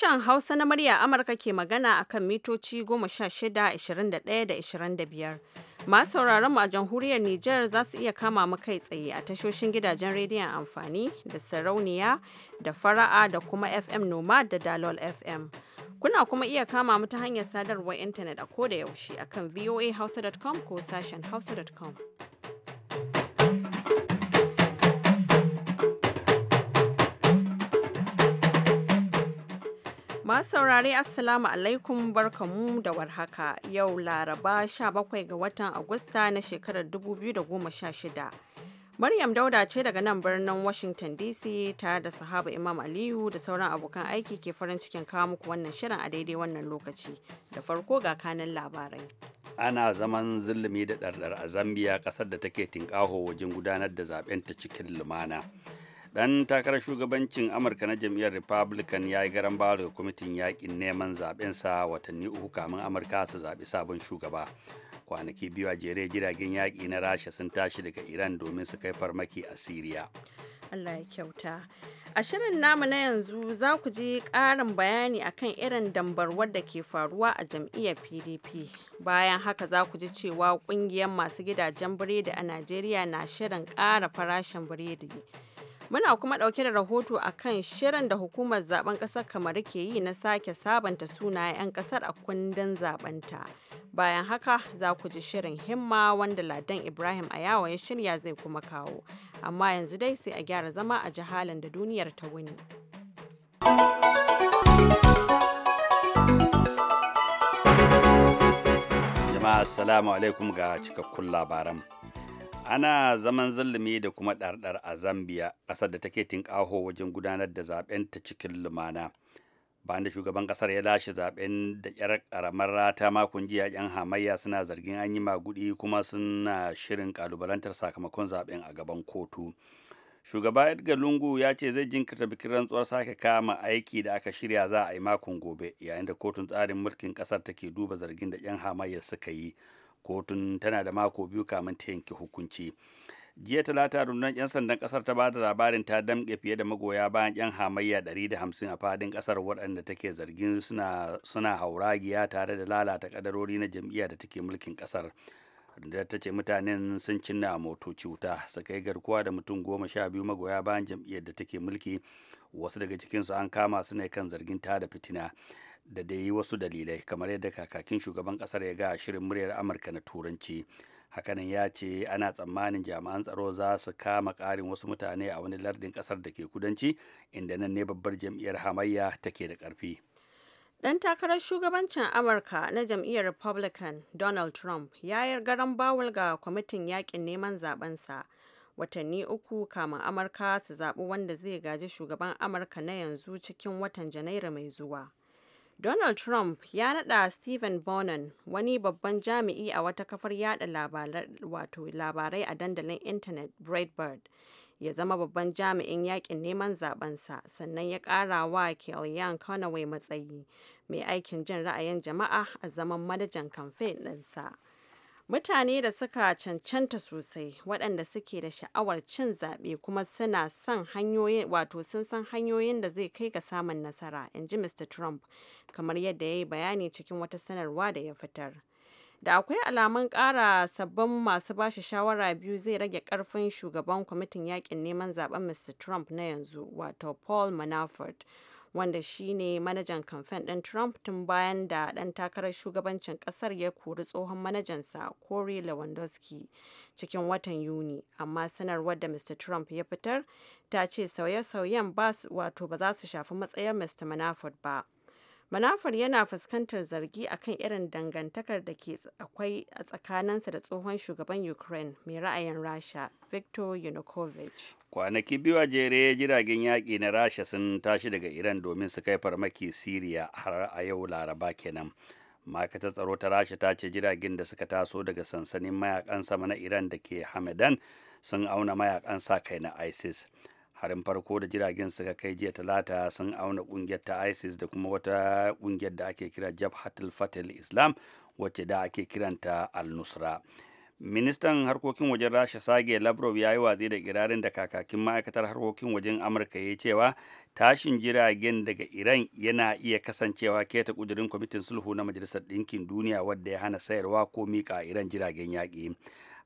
Sashen Hausa na murya Amurka ke magana a kan mitoci 16, 21 da 25. Masu sauraron mu a jamhuriyar Nijar za su iya kama mu kai tsaye a tashoshin gidajen rediyon amfani da sarauniya da fara'a da kuma FM Nomad da Dalol FM. Kuna kuma iya kama mu ta hanyar sadarwar intanet a ko da yaushe akan voahausa.com ko sashen hausa.com. Masu saurare Assalamu alaikum barkamu da warhaka yau Laraba 17 ga watan Agusta na shekarar 2016. Maryam Dauda ce daga nan birnin Washington DC tare da sahaba Imam Aliyu da sauran abokan aiki ke farin cikin kawo muku wannan shirin a daidai wannan lokaci. Da farko ga kanan labarai. Ana zaman zulumi da ɗarɗar a Zambiya ƙasar da take tinƙaho wajen gudanar da zaɓenta cikin lumana. dan takarar shugabancin amurka na jam'iyyar republican ya yi garan bawa daga kwamitin yakin neman sa watanni uku kamin amurka su zaɓi sabon shugaba kwanaki biyu a jere jiragen yaƙi na rasha sun tashi daga iran domin su kai farmaki a syria. allah ya kyauta a shirin namu na yanzu za ku ji ƙarin bayani akan irin dambarwar da ke faruwa a jam'iyyar pdp bayan haka za ku ji cewa ƙungiyar masu gidajen biredi a najeriya na shirin ƙara farashin biredi Muna kuma ɗauke da rahoto a kan shirin da hukumar zaben ƙasar kamar ke yi na sake sabanta sunayen 'yan ƙasar a kundin zabenta. Bayan haka za ku ji shirin himma wanda Ladan Ibrahim a Ayawa ya shirya zai kuma kawo. Amma yanzu dai sai a gyara zama a jihalin da duniyar ta wuni. Jama'a Assalamu alaikum ga cikakkun labaran. ana zaman zulumi da kuma ɗarɗar a zambia ƙasar da take tinƙaho wajen gudanar da zaben ta cikin lumana bayan da shugaban ƙasar ya lashe zaben da yar ƙaramar rata makon jiya yan hamayya suna zargin an yi magudi kuma suna shirin ƙalubalantar sakamakon zaben a gaban kotu shugaba edgar lungu ya ce zai jinkirta bikin rantsuwar sake kama aiki da aka shirya za a yi makon gobe yayin da kotun tsarin mulkin ƙasar take duba zargin da yan hamayya suka yi kotun tana da mako biyu kamin ta yanke hukunci jiya talata rundunar 'yan sandan kasar ta bada labarin ta damƙe fiye da magoya bayan 'yan hamayya 150 a fadin kasar waɗanda take zargin suna hauragiya tare da lalata kadarori na jam'iyya da take mulkin kasar da ta ce mutanen sun cinna motoci wuta suka yi garkuwa da mutum goma sha biyu magoya bayan jam'iyyar da take mulki wasu daga cikinsu an kama su ne kan zargin ta da fitina da dai yi wasu dalilai kamar yadda kakakin shugaban kasar ya ga shirin muryar amurka na turanci hakanan ya ce ana tsammanin jami'an tsaro za su kama karin wasu mutane a wani lardin ƙasar da ke kudanci inda nan ne babbar jam'iyyar hamayya take da karfi Ɗan takarar shugabancin Amurka na jam'iyyar Republican Donald Trump ya yi garan bawul ga kwamitin yakin neman zabensa watanni uku kamun Amurka su zaɓi wanda zai gaji shugaban Amurka na yanzu cikin watan Janairu mai zuwa. Donald Trump ya naɗa Stephen Bonan wani babban jami'i a wata kafar yada labarai a dandalin intanet Breitbart ya zama babban jami'in yakin neman zabensa sannan ya kara wa Kellyanne Conway matsayi mai aikin jin ra'ayin jama'a a zaman manajan kamfen ɗinsa. Mutane da suka cancanta sosai waɗanda suke da sha'awar cin zaɓe kuma suna son hanyoyin wato sun san hanyoyin da zai kai ga samun nasara, in ji Mr. Trump, kamar yadda ya yi bayani cikin wata sanarwa da ya fitar. da akwai alamun kara sabbin masu bashi shawara biyu zai rage ƙarfin shugaban kwamitin yakin neman zaben mr trump na yanzu wato paul manafort wanda shi ne manajan kamfen ɗin trump tun bayan da ɗan takarar shugabancin ƙasar ya kori tsohon manajansa corey lewandowski cikin watan yuni amma sanarwar da mr trump ya fitar ta ce sauye-sauyen ba wato ba za su shafi matsayar mr manafort ba Manafar yana fuskantar zargi akan irin dangantakar da ke akwai a tsakaninsa da tsohon shugaban Ukraine mai ra'ayin Rasha, Viktor Yanukovych. Kwanaki biyu a jere jiragen yaƙi na Rasha sun tashi daga Iran domin su kai farmaki Siriya har a yau Laraba kenan. Ma'aikata tsaro ta rasha ta ce jiragen da suka taso daga sansanin mayakan sama na iran da ke hamadan sun auna mayakan sa kai na isis harin farko da jiragen suka kai jiya talata sun auna kungiyar ta isis da kuma wata kungiyar da ake kira jabhatul fatil islam wacce da ake kiranta al-nusra ministan harkokin wajen rasha sage lavrov ya yi watsi da kirarin da kakakin ma'aikatar harkokin wajen amurka ya cewa tashin jiragen daga iran yana iya kasancewa keta kudurin kwamitin sulhu na majalisar ɗinkin duniya wadda ya hana sayarwa ko miƙa iran jiragen yaƙi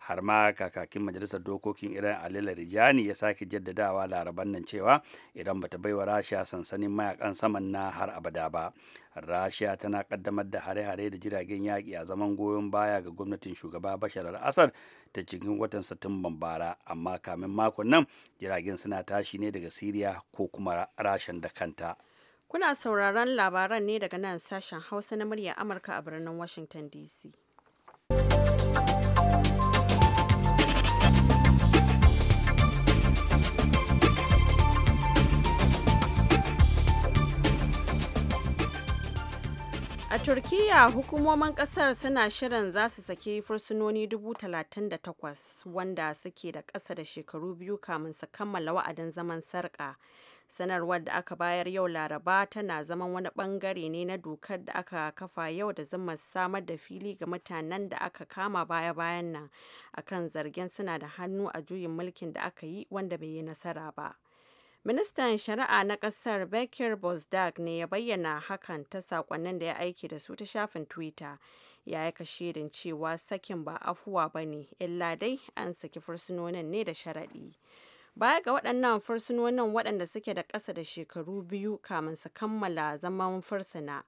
har ma kakakin majalisar dokokin iran alila rijani ya sake jaddadawa laraban nan cewa idan bata baiwa rasha sansanin mayakan saman na har abada ba rasha tana kaddamar da hare-hare da jiragen yaƙi a zaman goyon baya ga gwamnatin shugaba bashar al-assad ta cikin watan satumban bara amma kamin makon nan jiragen suna tashi ne daga siriya ko kuma rashan da kanta kuna sauraron labaran ne daga nan sashen hausa na murya amurka a birnin washington dc A Turkiyya hukumomin kasar suna shirin za su saki fursunoni 38,000 wanda suke da ƙasa da shekaru biyu kamun su kammala wa'adin zaman sarƙa. Sanarwar da aka bayar yau Laraba tana zaman wani ɓangare ne na dokar da aka kafa yau da zama samar da fili ga mutanen da aka kama baya-bayan nan akan zargin suna da hannu a juyin mulkin da aka yi wanda bai yi nasara ba. Ministan Shari'a na ƙasar Bekir Bozdag ne ya bayyana hakan ta sakonnin da ya aiki da su ta shafin Twitter. Ya yi kashedin cewa sakin ba afuwa ba ne, illa dai an saki fursunonin ne da sharaɗi. Baya ga waɗannan fursunonin waɗanda suke da ƙasa da shekaru biyu kamin su kammala zaman fursuna.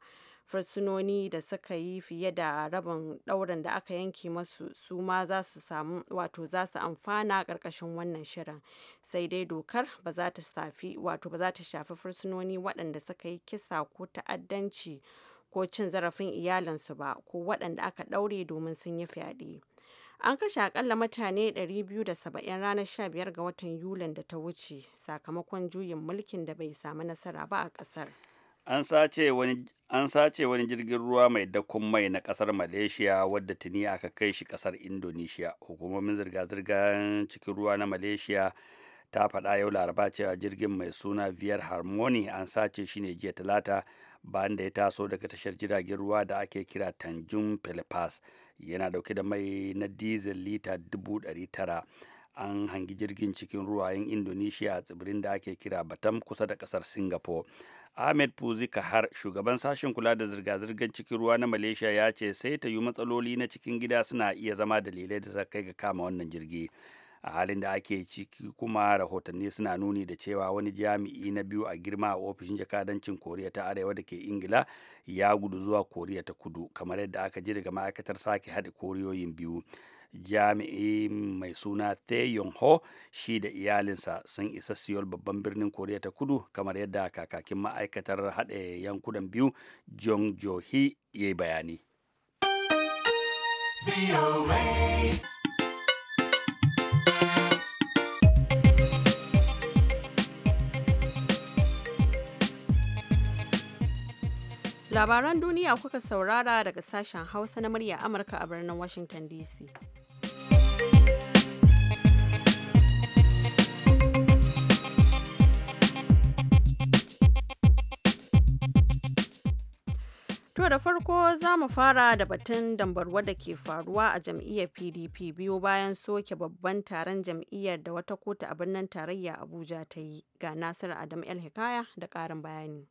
fursunoni da suka yi fiye da rabin ɗaurin da aka yanke masu su ma za su samu wato za su amfana ƙarƙashin wannan shirin sai dai dokar ba za ta shafi wato ba za ta shafi fursunoni waɗanda suka yi kisa ko ta'addanci ko cin zarafin iyalinsu ba ko waɗanda aka ɗaure domin sun yi fyaɗe. An kashe akalla mutane 270 ranar 15 ga watan Yulin da ta wuce sakamakon juyin mulkin da bai samu nasara ba a ƙasar. an sace wani jirgin ruwa mai dakon mai na kasar malaysia wadda tuni aka kai shi kasar indonesia hukumomin zirga-zirgar cikin ruwa na malaysia ta faɗa yau laraba cewa jirgin mai suna viyar harmony an sace shi ne jiya talata bayan da ya taso daga tashar jiragen ruwa da ake kira tanjung pelepas yana dauke da mai na dizil lita dubu an hangi jirgin cikin ruwayen indonesia a tsibirin da ake kira batam kusa da kasar singapore ahmed puzi kahar shugaban sashen kula da zirga-zirgar cikin ruwa na malaysia ya ce sai ta yi matsaloli na cikin gida suna iya zama dalilai da kai ga kama wannan jirgi a halin da ake ciki kuma rahotanni suna nuni da cewa wani jami'i na biyu a girma a ofishin jakadancin koriya ta arewa da ke ingila ya gudu zuwa koriya ta kudu kamar yadda aka ji daga ma'aikatar sake haɗe koriyoyin biyu jami'i mai suna Tae Ho shi da iyalinsa sun isa Seoul babban birnin Koriya ta Kudu kamar yadda kakakin ma'aikatar haɗe yankunan biyu Jong Johi ya bayani. Labaran duniya kuka saurara daga sashen Hausa na murya Amurka a birnin Washington DC. To da farko za mu fara da batun dambarwa da ke faruwa a jam'iyyar PDP biyu bayan soke babban taron jam'iyyar da wata kotu a birnin tarayya Abuja ta yi ga Nasiru Adam El Hikaya da karin bayani.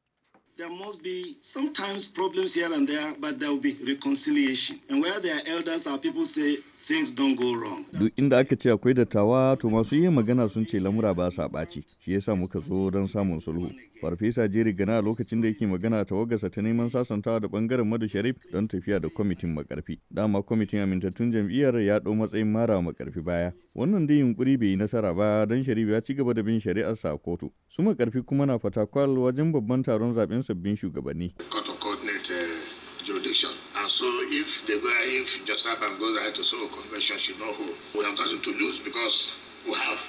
There must be sometimes problems here and there, but there will be reconciliation. And where there are elders, our people say Duk inda aka ce akwai dattawa to masu yin magana sun ce lamura ba sa ɓaci, shi yasa muka zo don samun sulhu. Farfesa Jerry Gana lokacin da yake magana ta wagasa ta neman sasantawa da bangaren Madu Sharif don tafiya da kwamitin makarfi. Dama kwamitin amintattun jam'iyyar ya ɗau matsayin mara makarfi baya. Wannan dai yunkuri bai yi nasara ba don Sharif ya ci gaba da bin shari'arsa a kotu. Su makarfi kuma na fatakwal wajen babban taron zaben sabbin shugabanni. prediction. And so if they go, if Josaban goes ahead to Convention, she know who. We have nothing to lose because we have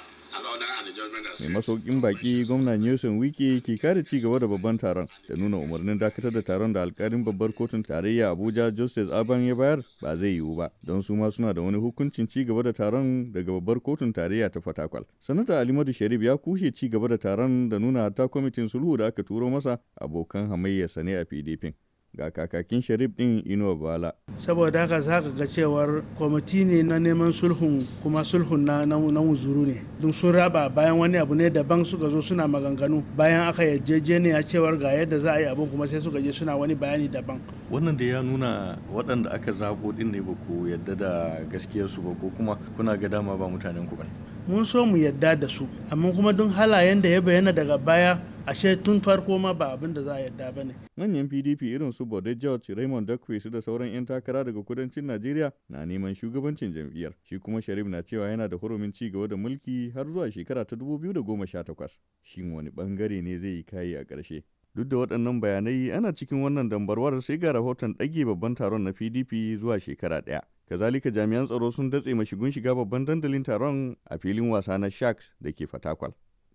mai masaukin baki gwamnan nelson wiki ke kare ci gaba da babban taron da nuna umarnin dakatar da taron da alkalin babbar kotun tarayya abuja justice aban ya bayar ba zai yiwu ba don su ma suna da wani hukuncin ci gaba da taron daga babbar kotun tarayya ta fatakwal sanata alimadu sharif ya kushe ci gaba da taron da nuna ta kwamitin sulhu da aka turo masa abokan hamayya ne a pdp ga kakakin sharif din inuwa bala saboda haka za ka ga cewar kwamiti ne na neman sulhun kuma sulhun na na wuzuru ne don sun raba bayan wani abu ne daban suka zo suna maganganu bayan aka yarjejeniya cewar ga yadda za a yi abun kuma sai suka je suna wani bayani daban wannan da ya nuna waɗanda aka zabo din ne ba ku yadda da gaskiyarsu ba ko kuma kuna ga dama ba mutanen ku ba mun so mu yadda da su amma kuma don halayen da ya bayyana daga baya ashe tun farko ma ba abin da za a yarda ba ne. Manyan PDP irin su Bode George, Raymond su da sauran 'yan takara daga kudancin Najeriya na neman shugabancin jam'iyyar. Shi kuma Sharif na cewa yana da hurumin ci gaba da mulki har zuwa shekara ta dubu biyu da goma sha takwas Shin wani bangare ne zai yi kayi a ƙarshe? Duk da waɗannan bayanai ana cikin wannan dambarwar sai ga rahoton ɗage babban taron na PDP zuwa shekara ɗaya. kazalika jami'an tsaro sun datse mashigun shiga babban dandalin taron a filin wasa na sharks da ke fatakwal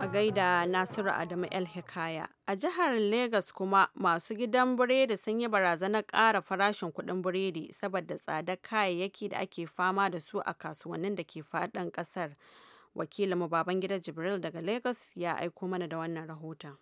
a gaida Nasiru Adamu El Hikaya. A jihar Legas kuma masu gidan biredi sun yi barazanar ƙara farashin kuɗin biredi saboda tsadar kayayyaki da ake fama da su a kasuwannin da ke faɗin ƙasar. Wakilinmu Babangida Jibril daga Legas ya aiko mana da wannan rahoton.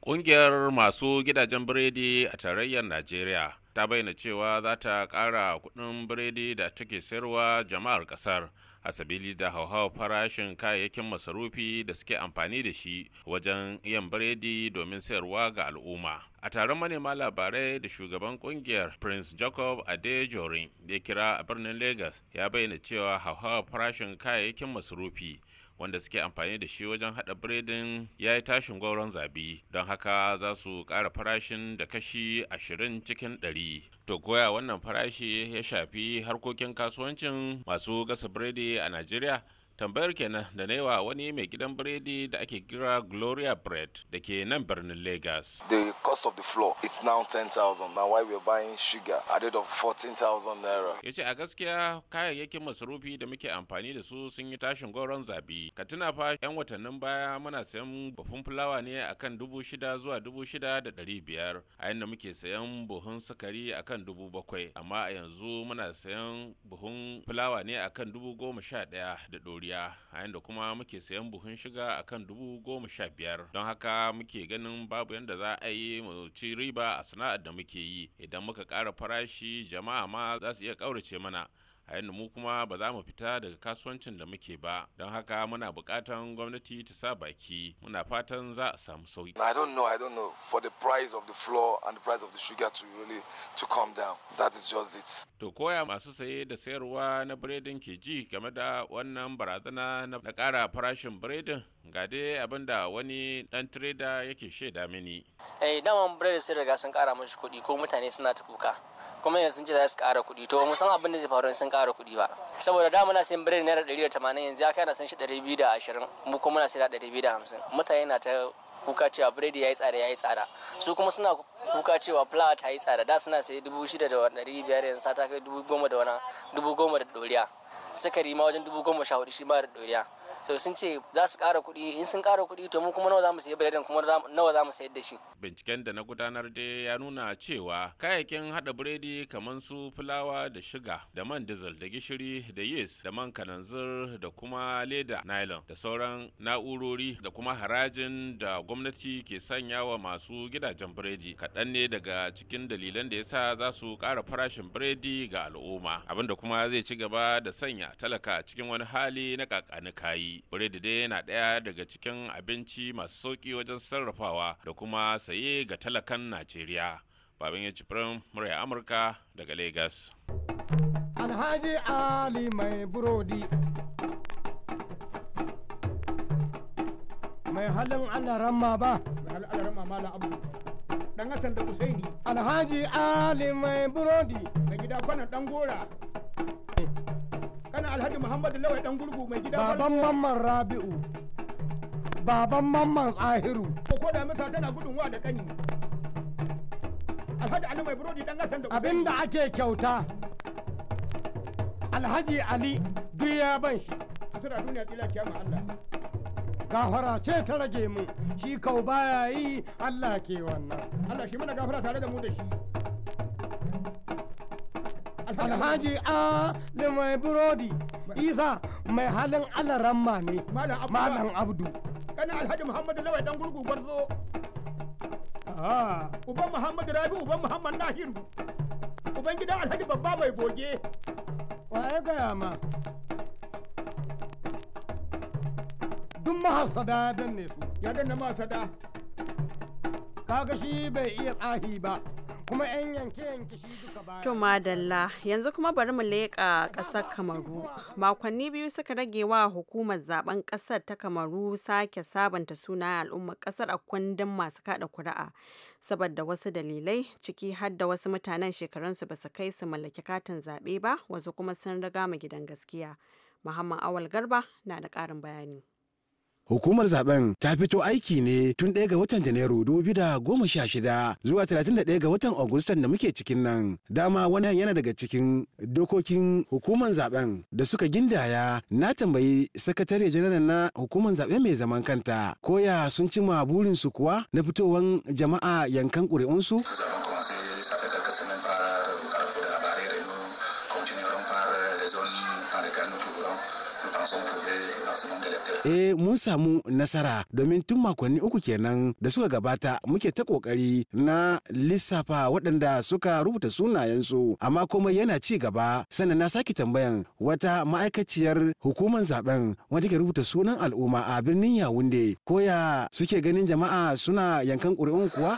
Ƙungiyar masu gidajen biredi a tarayyar Najeriya ta bayyana cewa za ta ƙara kuɗin biredi da take sayarwa jama'ar ƙasar a sabili da hauhawar farashin kayayyakin masarufi da suke amfani da shi wajen yin biredi domin sayarwa ga al'umma. A taron manema labarai da shugaban ƙungiyar Prince Jacob Adejorin da ya kira a birnin Lagos ya bayyana cewa hauhawar farashin kayayyakin masarufi wanda suke amfani da shi wajen hada biredin ya yi tashin gwauron zabi don haka za su kara farashin da kashi ashirin cikin ɗari to koya wannan farashi ya shafi harkokin kasuwancin masu gasa biredi a najeriya tambayar kenan da na yawa wani mai gidan biredi da ake kira gloria bread da ke nan birnin lagos the cost of the floor is now 10,000 now why we are buying sugar at rate of 14,000 naira ya ce a gaskiya kayayyakin masarufi da muke amfani da su sun yi tashin goron zabi ka tuna fa yan watannin baya muna sayan buhun fulawa ne akan dubu shida zuwa dubu shida da ɗari biyar a yadda muke sayan buhun sukari akan dubu bakwai amma a yanzu muna sayan buhun fulawa ne akan dubu goma sha ɗaya da ɗori biya a yadda kuma muke sayan buhun shiga akan dubu goma sha biyar don haka muke ganin babu yadda za a yi mu ci riba a sana'ar da muke yi idan muka ƙara farashi jama'a ma za su iya ƙaurace mana a yadda mu kuma ba za mu fita daga kasuwancin da muke ba don haka muna bukatan gwamnati ta sa baki muna fatan za a samu sauki. i don't know i don't know for the price of the flour and the price of the sugar to really to come down that is just it to koya masu saye da sayarwa na biredin ke ji game da wannan barazana na ƙara farashin biredin ga dai abin da wani dan trader yake shaida mini eh daman biredin sai riga sun kara mashi kuɗi ko mutane suna ta kuka kuma yanzu sun ce za su ƙara kuɗi to mu san abin da zai faru sun ƙara kuɗi ba saboda da muna sayan biredi naira ɗari da tamanin yanzu ya kai na san shi ɗari biyu da ashirin mu kuma muna sayan ɗari biyu da hamsin mutane na ta kuka cewa biredi ya yi tsada ya yi tsada su kuma suna kuka cewa flour ta yi tsada da suna sayi dubu shida da ɗari biyar yanzu ta kai dubu goma da wani dubu goma da doriya sukari ma wajen dubu goma sha hudu shi ma da doriya to sun ce za su kara kuɗi in sun ƙara kuɗi to mu kuma nawa za mu sayi biredin kuma nawa za mu sayar da shi binciken da na gudanar da ya nuna cewa kayayyakin haɗa biredi kamar su fulawa da shiga da man dizal da gishiri da yis da man kananzir da kuma leda nylon da sauran na'urori da kuma harajin da gwamnati ke sanya wa masu gidajen biredi kaɗan ne daga cikin dalilan da ya sa za su ƙara farashin biredi ga al'umma abinda kuma zai ci gaba da sanya talaka cikin wani hali na kakani kayi biredi biredi dai yana ɗaya daga cikin abinci masu sauƙi wajen sarrafawa da kuma saye ga talakan najeriya Babin ya cifirin murya amurka daga lagos alhaji ali mai burodi mai halin alarama ba mai halin alarama malam abu dan hasan da husaini alhaji ali mai burodi da gida kwanan dan gora kana alhaji muhammad lawai dan gurgu mai gida baban mamman rabi'u baban mamman ahiru ko da misa tana gudun wa da kani alhaji ali mai burodi dan gasan da abinda ake kyauta alhaji ali duk ya ban shi a tura duniya kila kiyama allah gafara ce ta rage mu shi kau baya yi allah ke wannan allah shi mana gafara tare da mu da shi alhaji ali mai burodi isa mai halin alaramma ne malam abdu kana alhaji muhammadu lawai dan gurgu gwarzo ah. uban muhammadu rabi uban muhammad nahiru uban gidan alhaji babba mai goge waye gaya ma duk mahasada ya danne su ya danne mahasada kaga shi bai iya tsahi ba kuma 'yan To madalla yanzu kuma bari mu leƙa ƙasar Kamaru. Makonni biyu suka rage wa hukumar zaben ƙasar ta Kamaru sake sabanta suna al'ummar ƙasar a kundin masu kaɗa kuri'a. Saboda wasu dalilai ciki har da wasu mutanen shekarunsu ba su kai su mallaki katin zaɓe ba wasu kuma sun riga mu gidan gaskiya. Muhammad Awal Garba na da ƙarin bayani. Hukumar zaben ta fito aiki ne tun ɗaya ga watan Janairu goma sha shida zuwa 31 ga watan Agustan da muke cikin nan. Dama wani yana daga cikin dokokin hukumar zaben da suka gindaya na tambayi sakatare janaral na hukumar zabe mai zaman kanta. Koya sun cima burinsu kuwa na fitowan jama'a yankan ƙuri'unsu? eh mun samu nasara domin tun makonni uku kenan da suka gabata muke ta kokari na lissafa waɗanda suka rubuta sunayensu amma komai yana ci gaba sannan na sake tambayan wata ma'aikaciyar hukumar zaben wanda ke rubuta sunan al'umma a birnin yawunde ko ya suke ganin jama'a suna yankan ƙuri'un kuwa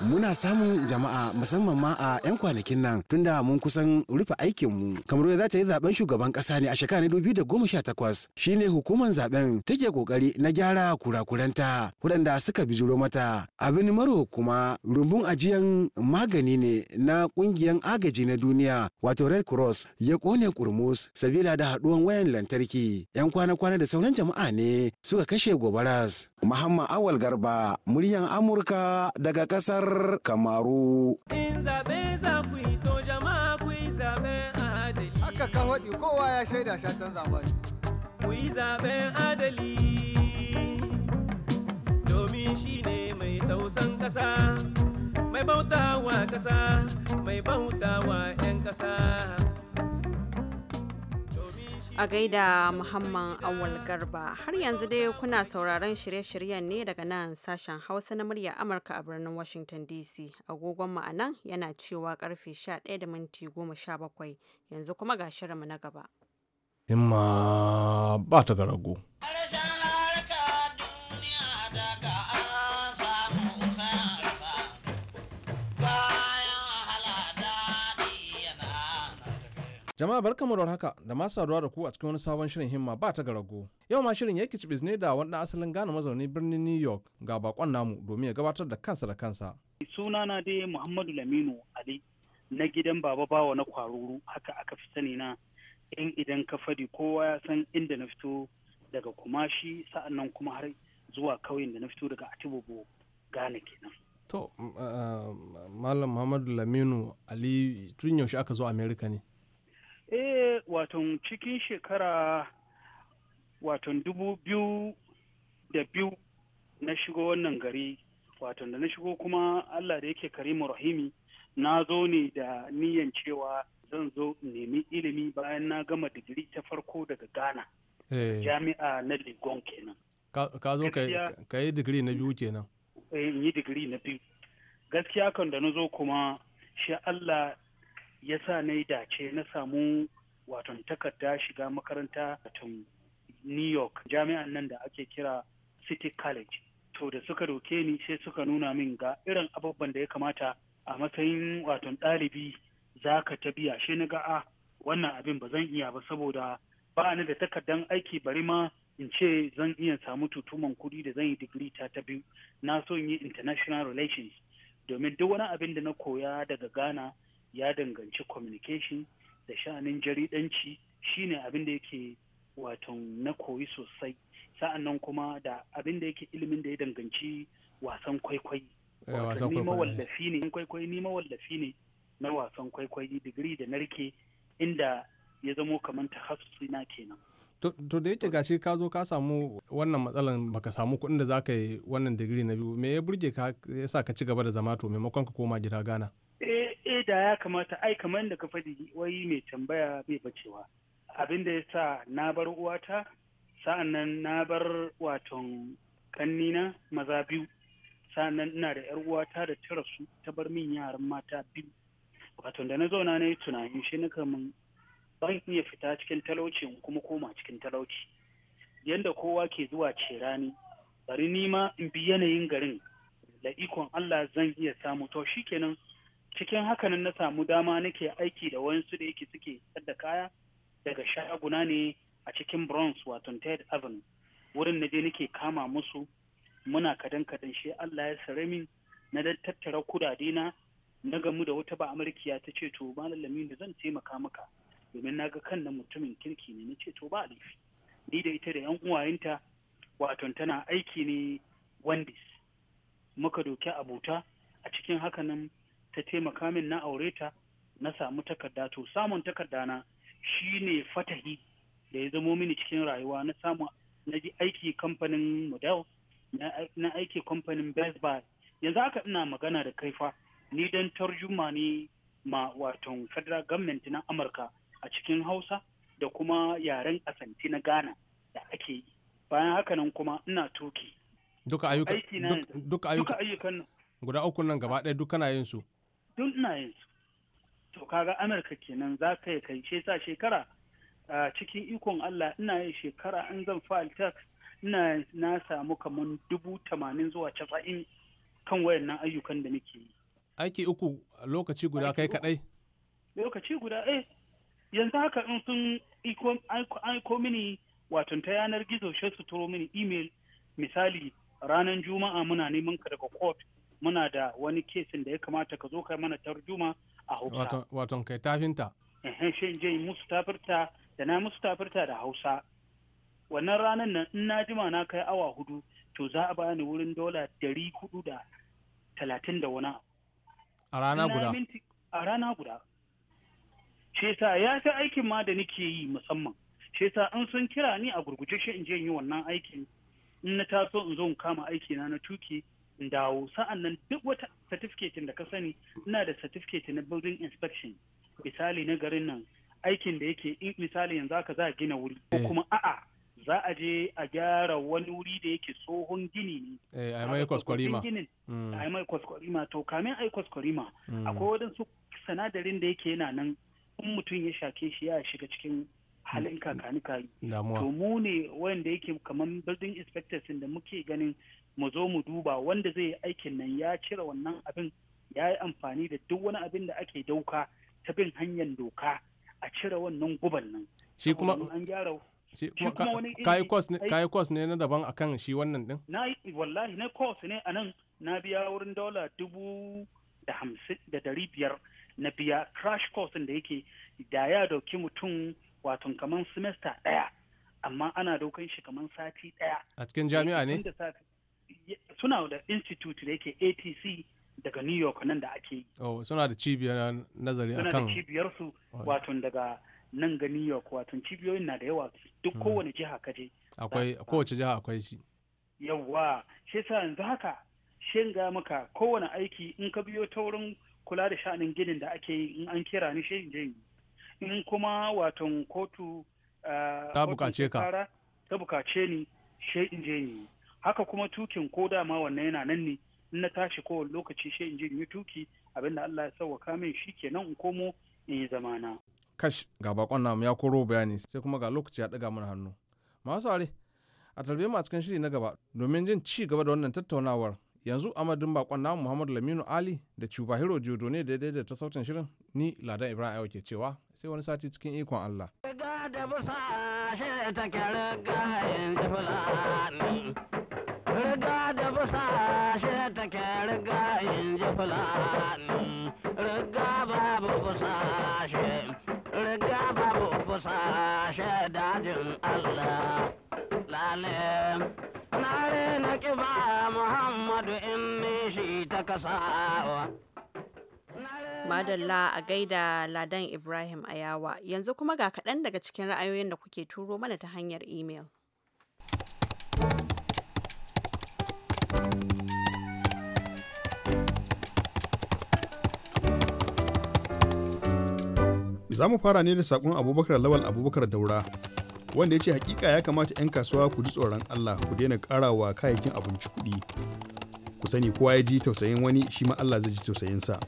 Muna samun jama'a musamman ma a 'yan kwanakin nan tunda mun kusan rufe aikinmu. Kamaru za ta yi zaben shugaban ƙasa ne a shekarar 2018 shine hukumar zaben take kokari na gyara kurakuranta waɗanda suka bijiro mata. Abin maro kuma rumbun ajiyan magani ne na ƙungiyar agaji na duniya wato Red Cross ya kone kurmus sabila da haɗuwan wayan lantarki 'yan kwana-kwana da sauran jama'a ne suka kashe gobaras. Muhammad Awal Garba, muryan Amurka daga ƙasar Kamaru. Haka ka faɗi kowa ya shaida shatan zamani. Ku yi zaɓen adali, domin shi ne mai tausan ƙasa, mai bautawa ƙasa, mai bautawa 'yan ƙasa. a gaida Muhammad Awal Garba. Har yanzu dai kuna sauraron shirye-shiryen ne daga nan sashen Hausa na murya Amurka a birnin Washington DC. Agogon mu anan yana cewa karfe 11:17 yanzu kuma ga shirinmu na gaba. in ma ba ta garago. Jama'a barkamu da haka da masu saduwa da ku a cikin wani sabon shirin himma ba ta garago. Yau ma shirin yake cibis ne da wani asalin gane mazauni birnin New York ga bakon namu domin ya gabatar da kansa da kansa. suna na dai Muhammadu Laminu Ali na gidan Baba Bawa na Kwaruru haka aka fi sani na in idan ka fadi kowa ya san inda na fito daga Kumashi nan kuma har zuwa kauyen da na fito daga Atibobo gane kenan. To eh, Malam Muhammadu Laminu Ali tun yaushe aka zo america ne? eh waton cikin shekara waton dubu biyu da biyu na shigo wannan gari waton da na shigo kuma allah da yake karimu rahimi na zo ne da niyan cewa zan zo nemi ilimi bayan na gama digiri ta farko daga ghana eh. jami'a na legon kenan ka zo ka yi digiri na biyu kenan eh, yi digiri na biyu gaskiya kan da na zo kuma shi allah ya sa na yi dace na samu waton takarda shiga makaranta tun new york jami'an nan da ake kira city college to da suka doke ni sai suka nuna min ga irin abubuwan da ya kamata a matsayin waton ɗalibi za ka ta biya shi na ga'a ah, wannan abin ba zan iya ba saboda ba ni da takardan aiki bari ma in ce zan iya samu tutuman kuɗi da zan yi digiri ta ta biyu na so in yi international relations domin duk wani abin da na koya daga ghana ya danganci communication da sha'anin jaridanci shine abin da yake waton na koyi sosai sa'annan kuma da abin da yake ilimin da ya danganci wasan kwaikwayi eh, wato ni mawallafi ne kwaikwayi ni mawallafi ne na wasan kwaikwayi digiri da narke inda ya zamo kamar tahassusi na kenan to da yake gashi ka zo ka samu wannan matsalan baka samu kuɗin da za ka yi wannan digiri na biyu me ya burge ka ya sa ka ci gaba da zama to maimakon ka koma gida gana da ya kamata ai kamar da ka faɗi wai mai tambaya bai bacewa abin da ya sa na bar uwata sa'an nan na bar waton kannina maza biyu sa'an nan ina da yar uwata da ta rasu ta bar min yaran mata biyu waton da na zauna na yi tunani shi na kamun ban iya fita cikin talauci kuma koma cikin talauci yadda kowa ke zuwa ce rani bari nima in bi yanayin garin da ikon Allah zan iya samu to shikenan cikin hakanan na samu dama nake aiki da wasu da yake suke da kaya daga shaguna ne a cikin bronze wato ted avenue wurin na je nake kama musu muna kadan kadan shi allah ya sare min na da tattara kudade na na gamu da wata ba amurkiya ta ce to malam da zan taimaka maka domin na ga kan mutumin kirki ne na ce to ba laifi ni da ita da yan uwayenta wato tana aiki ne wandis muka doki abuta a cikin hakanan ta taimaka min na aure ta na samu takarda to samun takarda na shine fatahi da ya zamo mini cikin rayuwa na samu na ji aiki kamfanin model na aiki kamfanin best buy yanzu haka ina magana da kaifa ni dan tarjuma ne ma waton federal government na amurka a cikin hausa da kuma yaren asanti na ghana da ake yi bayan haka nan kuma ina tuki duka ayyukan guda uku nan gaba ɗaya duk kana yin su duk ina yin su to kaga amurka kenan za ka yi kai sa shekara A cikin ikon allah ina yin shekara an zan file tax ina na samu kamar dubu tamanin zuwa casa'in kan wayannan ayyukan da nake yi aiki uku lokaci guda kai kadai lokaci guda eh yanzu haka in sun aiko mini watan ta yanar gizo shi su turo mini email misali ranar juma'a muna neman ka daga court muna da wani kesin da ya kamata ka zo kai mana tarjuma a hausa waton kai tafinta ehem shin je musu tafirta da na musu tafirta da hausa wannan ranar nan in na jima na kai awa hudu to za a bani wurin dola dari hudu da talatin da wani a rana guda a rana guda Shesa ya ta aikin ma da nake yi musamman Shesa in an sun kira ni a gurguje shi in je yi wannan aikin in na taso in zo in kama aiki na na tuki in dawo sa'an nan duk wata satifiketin da ka sani ina da certificate na building inspection misali na garin nan aikin da yake in misali yanzu aka za a gina wuri ko eh. kuma a'a za a je a gyara wani wuri da yake tsohon gini ne eh, a mai kwaskwarima mm. a mai kwaskwarima to kamin a yi kwaskwarima mm. akwai wadansu sanadarin da yake yana nan in mutum ya shake shi ya shiga cikin halin mm. kakani kayi to mu ne wanda yake kamar building inspectors da muke ganin mu zo mu duba wanda zai yi aikin nan ya cire wannan abin ya yi amfani da duk wani abin da ake dauka ta bin hanyar doka a cire wannan guban nan shi kuma an gyara kwas ne na daban akan shi wannan din na yi wallahi na kwas ne a nan na biya wurin dola dubu da hamsin da dari biyar na biya crash course da yake da ya dauki mutum wato kamar semester daya amma ana daukan shi kamar sati daya a cikin jami'a ne suna da institute da yake atc daga new york nan da ake yi oh suna da cibiyar nazari akan suna da cibiyar su oh. wato daga nan ga new york wato cibiyoyin na da yawa duk hmm. kowane jiha ka je akwai kowace jiha akwai shi yawa shi sa yanzu haka shi ga maka kowane aiki in ka biyo ta wurin kula da sha'anin ginin da ake yi in an kira ni shi je in kuma wato kotu ah, ta bukace ka ta bukace ni shi in je ni haka kuma tukin ko dama wannan yana nan ne in na tashi kowane lokaci shi in je yi tuki abinda Allah ya sauwaka min shi kenan in komo in yi zamana. Kash ga bakon namu ya koro bayani sai kuma ga lokaci ya daga mana hannu. Masu are a tarbe mu a cikin shiri na gaba domin jin ci gaba da wannan tattaunawar yanzu amadin bakon namu Muhammadu Laminu Ali da Cuba hero Jodo ne da daidai da ta sautin shirin ni Ladan Ibrahim Ayo ke cewa sai wani sati cikin ikon Allah. Riga da busa shi ta fulani. riga da busa shi take riga in ji fulani riga babu busa riga babu busa dajin Allah lale nare na kiba Muhammadu in shi ta kasawa Madalla a gaida Ladan Ibrahim Ayawa yanzu kuma ga kaɗan daga cikin ra'ayoyin da kuke turo mana ta hanyar imel. Za mu fara ne da saƙon abubakar lawal abubakar daura wanda ya ce hakika ya kamata 'yan kasuwa ku ji tsoron Allah ku daina ƙara wa kayayyakin abinci kuɗi. Ku sani kowa ya ji tausayin wani shi ma Allah zai ji tausayinsa.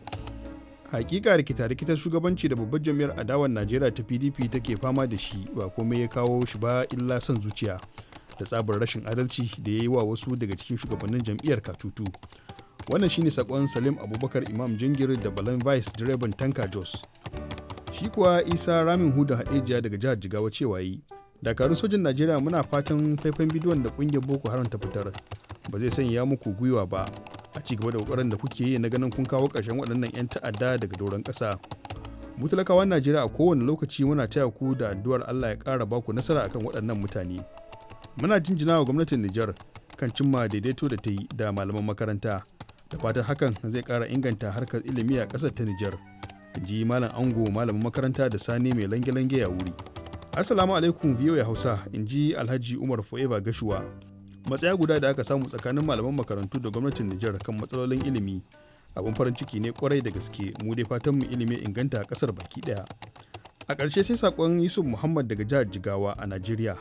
Hakika rikita-rikitar shugabanci da babbar jam'iyyar adawar Najeriya ta PDP take fama da shi ba komai ya kawo shi ba illa son zuciya. da tsabar rashin adalci da ya yi wa wasu daga cikin shugabannin jam'iyyar katutu wannan shine sakon salim abubakar imam jingir da balan vice direban tanka jos shi kuwa isa ramin huda hadejiya daga jihar jigawa cewa yi dakarun sojin najeriya muna fatan faifan bidiyon da kungiyar boko haram ta fitar ba zai sanya muku gwiwa ba a ci gaba da kokarin da kuke yi na ganin kun kawo ƙarshen waɗannan 'yan ta'adda daga doron ƙasa mu talakawan najeriya a kowane lokaci muna taya ku da addu'ar allah ya ƙara baku nasara akan waɗannan mutane muna jinjina wa gwamnatin Nijar kan cimma daidaito da ta yi da malaman makaranta da fatan hakan zai ƙara inganta harkar ilimi a ƙasar ta Nijar ji malam ango malamin makaranta da sani mai lange-lange ya wuri assalamu alaikum ya hausa in ji alhaji umar forever gashuwa matsaya guda da aka samu tsakanin malaman makarantu da gwamnatin nijar kan matsalolin ilimi abin farin ciki ne kwarai da gaske mu dai fatan mu ilimi inganta a kasar baki ɗaya. a ƙarshe sai sakon yusuf muhammad daga jihar jigawa a najeriya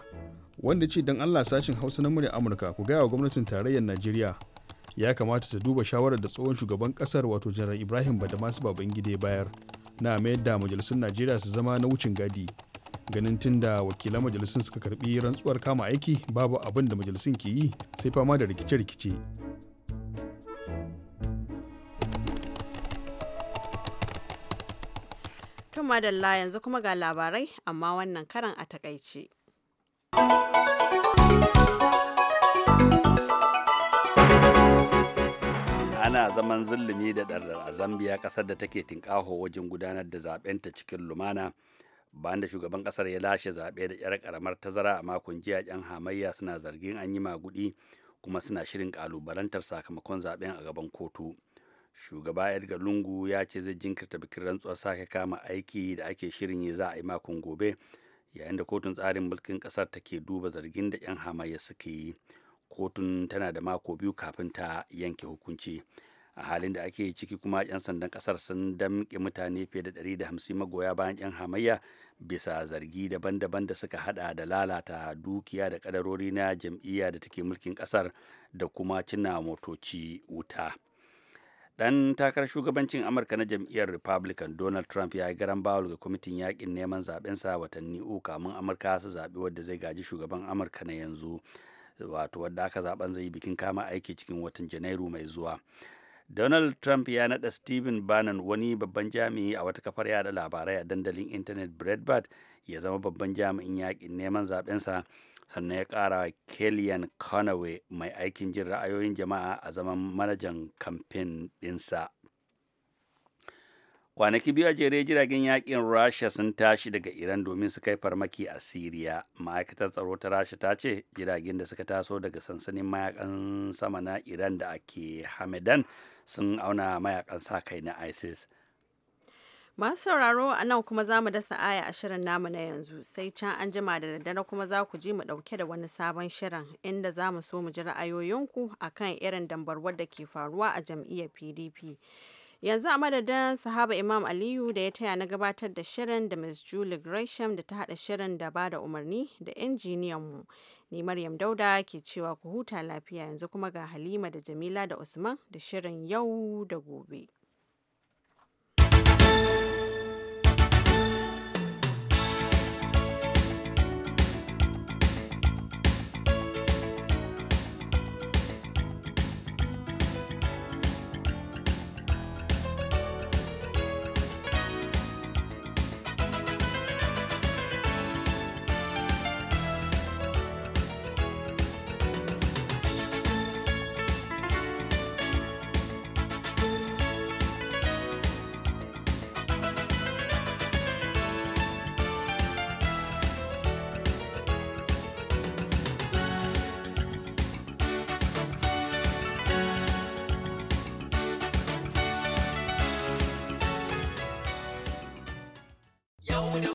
wanda ce don allah sashin hausa na murya amurka ku gaya wa gwamnatin tarayyar najeriya ya kamata ta duba shawarar da tsohon shugaban kasar wato janar ibrahim bada baban babangide bayar na mayar da majalisun najeriya su zama na wucin gadi ganin tun da wakilan majalisun suka karbi rantsuwar kama aiki babu abin da majalisun ke yi sai fama da rikice-rikice tun madalla yanzu kuma ga labarai amma wannan karan a takaice ana zaman zulumi da ɗarɗar a zambiya ƙasar da take tinƙaho wajen gudanar da zaɓenta cikin lumana bayan da shugaban ƙasar ya lashe zaɓe da ƙyar ƙaramar tazara a makon jiya Ƴan hamayya suna zargin an yi maguɗi kuma suna shirin ƙalubalantar sakamakon zaɓen a gaban kotu shugaba edgar lungu ya ce zai jinkirta bikin rantsuwar sake kama aiki da ake shirin yi za a yi makon gobe yayin da kotun tsarin mulkin kasar take duba zargin da 'yan hamayya suke yi kotun tana da mako biyu kafin ta yanke hukunci a halin da ake ciki kuma 'yan sandan kasar sun damƙe mutane fiye da 150 magoya bayan 'yan hamayya bisa zargi daban-daban da suka hada da lalata dukiya da kadarori na jam'iyya da take mulkin kasar da kuma cina motoci wuta. dan takarar shugabancin amurka na jam'iyyar republican donald trump ya yi garan bawul ga kwamitin yakin neman zaben sa watanni uku kamun amurka su zaɓi wadda zai gaji shugaban amurka na yanzu wato wadda aka zaben zai yi bikin kama aiki cikin watan janairu mai zuwa Donald Trump ya naɗa Stephen Bannon wani babban jami'i a wata kafar yada labarai a dandalin intanet Breitbart ya zama babban jami'in yakin neman sa sannan ya kara Kellyanne Conaway mai aikin jin ra'ayoyin jama'a a zaman manajan kamfen ɗinsa. kwanaki biyu a jere jiragen yakin rasha sun tashi daga iran domin su kai farmaki a siriya ma'aikatar tsaro ta rasha ta ce jiragen da suka taso daga sansanin mayakan sama na iran da ake hamadan sun auna mayakan sa kai na isis Masu sauraro a nan kuma za mu dasa aya a shirin namu na yanzu sai can an jima da daddare kuma za ku ji mu ɗauke da wani sabon shirin inda za mu so mu ji ra'ayoyinku a kan irin dambarwar da ke faruwa a jam'iyyar PDP. Yanzu a madadin sahaba Imam Aliyu da ya taya na gabatar da shirin da Ms. Julie Gresham da ta haɗa shirin da ba da umarni da injiniyanmu. ne Maryam Dauda ke cewa ku huta lafiya yanzu kuma ga Halima da Jamila da Usman da shirin yau da gobe.